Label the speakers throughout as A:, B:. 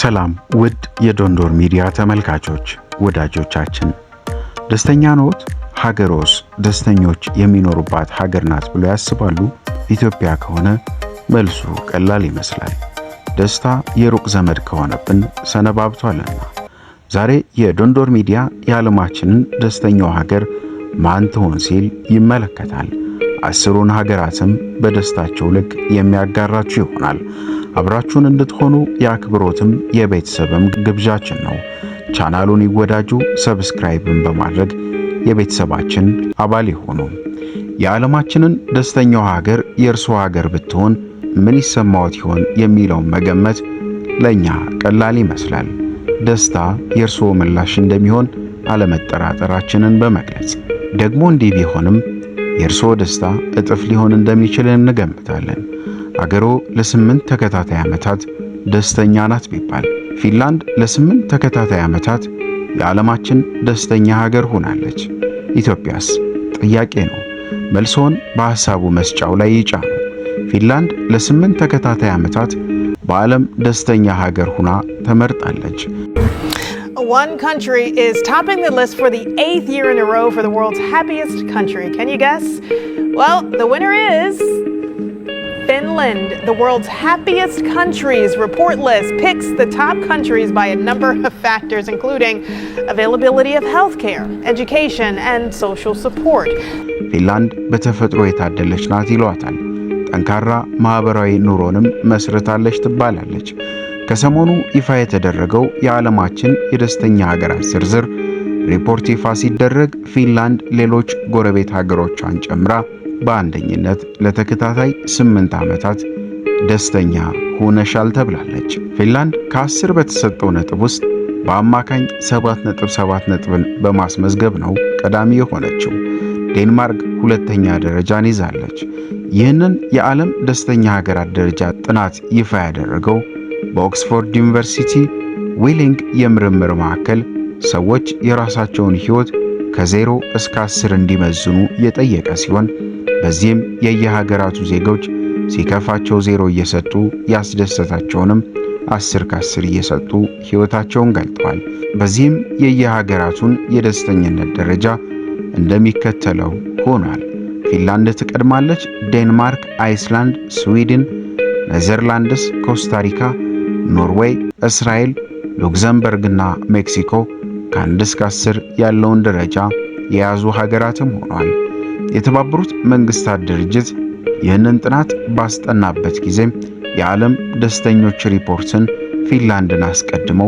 A: ሰላም ውድ የዶንዶር ሚዲያ ተመልካቾች ወዳጆቻችን፣ ደስተኛ ኖት? ሀገሮስ ደስተኞች የሚኖሩባት ሀገር ናት ብሎ ያስባሉ? ኢትዮጵያ ከሆነ መልሱ ቀላል ይመስላል። ደስታ የሩቅ ዘመድ ከሆነብን ሰነባብቷልና፣ ዛሬ የዶንዶር ሚዲያ የዓለማችንን ደስተኛው ሀገር ማን ትሆን ሲል ይመለከታል። አስሩን ሀገራትም በደስታቸው ልክ የሚያጋራችሁ ይሆናል። አብራችሁን እንድትሆኑ የአክብሮትም የቤተሰብም ግብዣችን ነው። ቻናሉን ይወዳጁ፣ ሰብስክራይብን በማድረግ የቤተሰባችን አባል ይሆኑ። የዓለማችንን ደስተኛው ሀገር የእርስዎ ሀገር ብትሆን ምን ይሰማዎት ይሆን የሚለውን መገመት ለእኛ ቀላል ይመስላል። ደስታ የእርስዎ ምላሽ እንደሚሆን አለመጠራጠራችንን በመግለጽ ደግሞ እንዲህ ቢሆንም የእርስዎ ደስታ እጥፍ ሊሆን እንደሚችል እንገምታለን። አገሮ ለስምንት ተከታታይ ዓመታት ደስተኛ ናት ቢባል ፊንላንድ ለስምንት ተከታታይ ዓመታት የዓለማችን ደስተኛ ሀገር ሆናለች። ኢትዮጵያስ? ጥያቄ ነው። መልሶን በሐሳቡ መስጫው ላይ ይጫኑ። ፊንላንድ ለስምንት ተከታታይ ዓመታት በዓለም ደስተኛ ሀገር ሆና ተመርጣለች።
B: One country is topping the list for the eighth year in a row for the world's happiest country. Can you guess? Well, the winner is Finland, the world's happiest countries report list picks the top countries by a number of factors, including availability of healthcare, education, and social support.
A: ፊንላንድ በተፈጥሮ የታደለች ናት ይሏታል። ጠንካራ ማህበራዊ ኑሮንም መስርታለች ትባላለች። ከሰሞኑ ይፋ የተደረገው የዓለማችን የደስተኛ ሀገራት ዝርዝር ሪፖርት ይፋ ሲደረግ ፊንላንድ ሌሎች ጎረቤት ሀገሮቿን ጨምራ በአንደኝነት ለተከታታይ ስምንት ዓመታት ደስተኛ ሆነሻል ተብላለች። ፊንላንድ ከ ከ10 በተሰጠው ነጥብ ውስጥ በአማካኝ 7.7 ነጥብን በማስመዝገብ ነው ቀዳሚ የሆነችው። ዴንማርክ ሁለተኛ ደረጃን ይዛለች። ይህንን የዓለም ደስተኛ ሀገራት ደረጃ ጥናት ይፋ ያደረገው በኦክስፎርድ ዩኒቨርሲቲ ዊሊንግ የምርምር ማዕከል ሰዎች የራሳቸውን ሕይወት ከዜሮ እስከ አስር እንዲመዝኑ የጠየቀ ሲሆን በዚህም የየሀገራቱ ዜጎች ሲከፋቸው ዜሮ እየሰጡ ያስደሰታቸውንም አስር ከአስር እየሰጡ ሕይወታቸውን ገልጠዋል። በዚህም የየሀገራቱን የደስተኝነት ደረጃ እንደሚከተለው ሆኗል። ፊንላንድ ትቀድማለች። ዴንማርክ፣ አይስላንድ፣ ስዊድን፣ ኔዘርላንድስ፣ ኮስታሪካ ኖርዌይ፣ እስራኤል፣ ሉክዘምበርግና ሜክሲኮ ከአንድ እስከ አስር ያለውን ደረጃ የያዙ ሀገራትም ሆኗል። የተባበሩት መንግስታት ድርጅት ይህንን ጥናት ባስጠናበት ጊዜ የዓለም ደስተኞች ሪፖርትን ፊንላንድን አስቀድሞ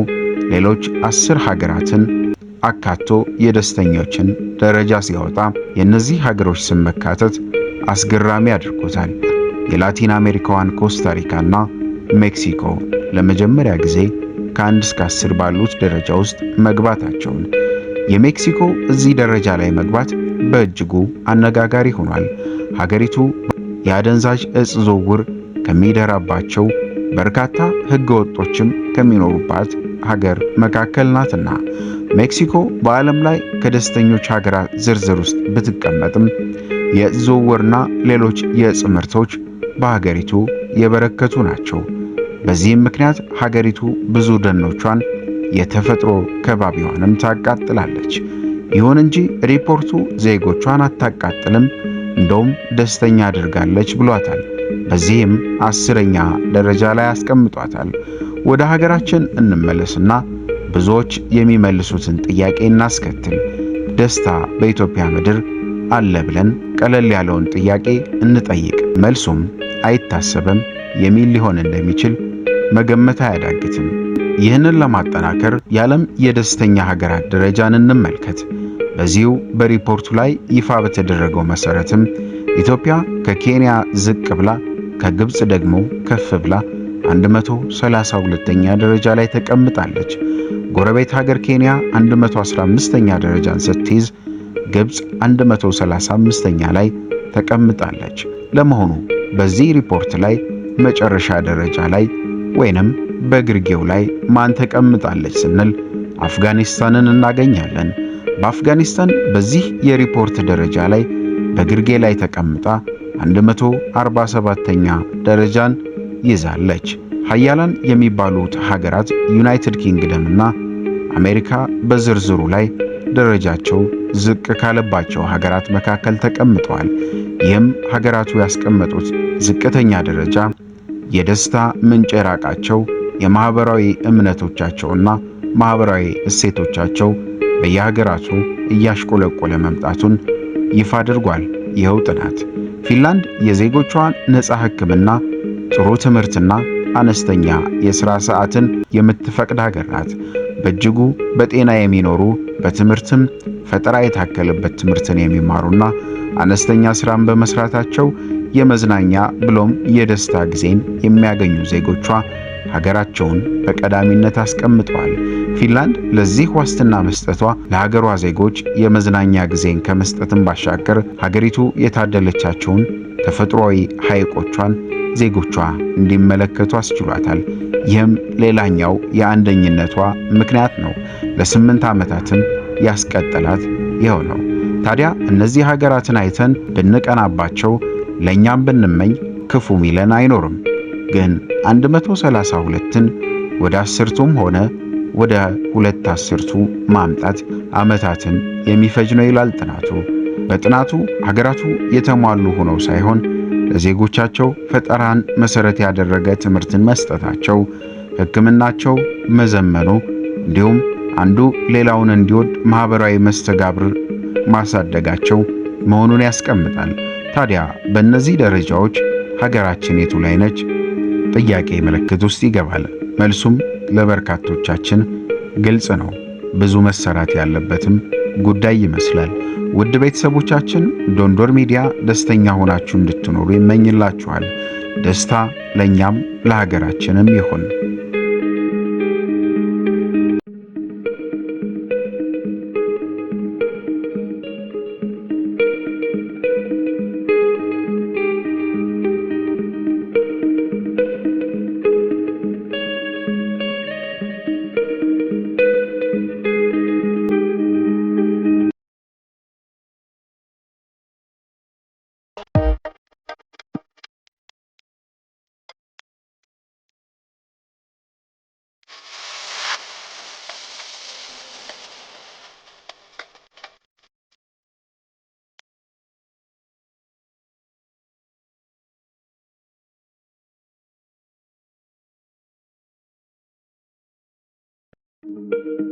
A: ሌሎች አስር ሀገራትን አካቶ የደስተኞችን ደረጃ ሲያወጣ የእነዚህ ሀገሮች ስም መካተት አስገራሚ አድርጎታል። የላቲን አሜሪካዋን ኮስታሪካና ሜክሲኮ ለመጀመሪያ ጊዜ ከአንድ እስከ አስር ባሉት ደረጃ ውስጥ መግባታቸውን የሜክሲኮ እዚህ ደረጃ ላይ መግባት በእጅጉ አነጋጋሪ ሆኗል። ሀገሪቱ የአደንዛዥ እጽ ዝውውር ከሚደራባቸው በርካታ ሕገ ወጦችም ከሚኖሩባት ሀገር መካከል ናትና ሜክሲኮ በዓለም ላይ ከደስተኞች ሀገራት ዝርዝር ውስጥ ብትቀመጥም የእጽ ዝውውርና ሌሎች የእጽ ምርቶች በሀገሪቱ የበረከቱ ናቸው። በዚህም ምክንያት ሀገሪቱ ብዙ ደኖቿን የተፈጥሮ ከባቢዋንም ታቃጥላለች። ይሁን እንጂ ሪፖርቱ ዜጎቿን አታቃጥልም፣ እንደውም ደስተኛ አድርጋለች ብሏታል። በዚህም አስረኛ ደረጃ ላይ አስቀምጧታል። ወደ ሀገራችን እንመለስና ብዙዎች የሚመልሱትን ጥያቄ እናስከትል። ደስታ በኢትዮጵያ ምድር አለ ብለን ቀለል ያለውን ጥያቄ እንጠይቅ። መልሱም አይታሰብም የሚል ሊሆን እንደሚችል መገመት አያዳግትም። ይህንን ለማጠናከር የዓለም የደስተኛ ሀገራት ደረጃን እንመልከት። በዚሁ በሪፖርቱ ላይ ይፋ በተደረገው መሰረትም ኢትዮጵያ ከኬንያ ዝቅ ብላ ከግብፅ ደግሞ ከፍ ብላ 132ኛ ደረጃ ላይ ተቀምጣለች። ጎረቤት ሀገር ኬንያ 115ኛ ደረጃን ስትይዝ ግብፅ 135ኛ ላይ ተቀምጣለች። ለመሆኑ በዚህ ሪፖርት ላይ መጨረሻ ደረጃ ላይ ወይንም በግርጌው ላይ ማን ተቀምጣለች ስንል አፍጋኒስታንን እናገኛለን። በአፍጋኒስታን በዚህ የሪፖርት ደረጃ ላይ በግርጌ ላይ ተቀምጣ 147ኛ ደረጃን ይዛለች። ሀያላን የሚባሉት ሀገራት ዩናይትድ ኪንግደም እና አሜሪካ በዝርዝሩ ላይ ደረጃቸው ዝቅ ካለባቸው ሀገራት መካከል ተቀምጠዋል። ይህም ሀገራቱ ያስቀመጡት ዝቅተኛ ደረጃ የደስታ ምንጭ የራቃቸው የማህበራዊ እምነቶቻቸውና ማህበራዊ እሴቶቻቸው በየሀገራቱ እያሽቆለቆለ መምጣቱን ይፋ አድርጓል ይኸው ጥናት። ፊንላንድ የዜጎቿ ነፃ ሕክምና፣ ጥሩ ትምህርትና አነስተኛ የሥራ ሰዓትን የምትፈቅድ ሀገር ናት። በእጅጉ በጤና የሚኖሩ በትምህርትም ፈጠራ የታከለበት ትምህርትን የሚማሩና አነስተኛ ሥራን በመስራታቸው የመዝናኛ ብሎም የደስታ ጊዜን የሚያገኙ ዜጎቿ ሀገራቸውን በቀዳሚነት አስቀምጠዋል። ፊንላንድ ለዚህ ዋስትና መስጠቷ ለሀገሯ ዜጎች የመዝናኛ ጊዜን ከመስጠትም ባሻገር ሀገሪቱ የታደለቻቸውን ተፈጥሯዊ ሐይቆቿን ዜጎቿ እንዲመለከቱ አስችሏታል። ይህም ሌላኛው የአንደኝነቷ ምክንያት ነው። ለስምንት ዓመታትም ያስቀጠላት ይኸው ነው። ታዲያ እነዚህ ሀገራትን አይተን ብንቀናባቸው ለእኛም ብንመኝ ክፉ ሚለን አይኖርም። ግን 132ን ወደ አስርቱም ሆነ ወደ ሁለት አስርቱ ማምጣት ዓመታትን የሚፈጅ ነው ይላል ጥናቱ። በጥናቱ ሀገራቱ የተሟሉ ሆነው ሳይሆን ለዜጎቻቸው ፈጠራን መሰረት ያደረገ ትምህርትን መስጠታቸው፣ ሕክምናቸው መዘመኑ እንዲሁም አንዱ ሌላውን እንዲወድ ማህበራዊ መስተጋብር ማሳደጋቸው መሆኑን ያስቀምጣል። ታዲያ በእነዚህ ደረጃዎች ሀገራችን የቱ ላይ ነች? ጥያቄ ምልክት ውስጥ ይገባል። መልሱም ለበርካቶቻችን ግልጽ ነው። ብዙ መሰራት ያለበትም ጉዳይ ይመስላል። ውድ ቤተሰቦቻችን ዶንዶር ሚዲያ ደስተኛ ሆናችሁ እንድትኖሩ ይመኝላችኋል። ደስታ ለእኛም ለሀገራችንም ይሁን። Thank you.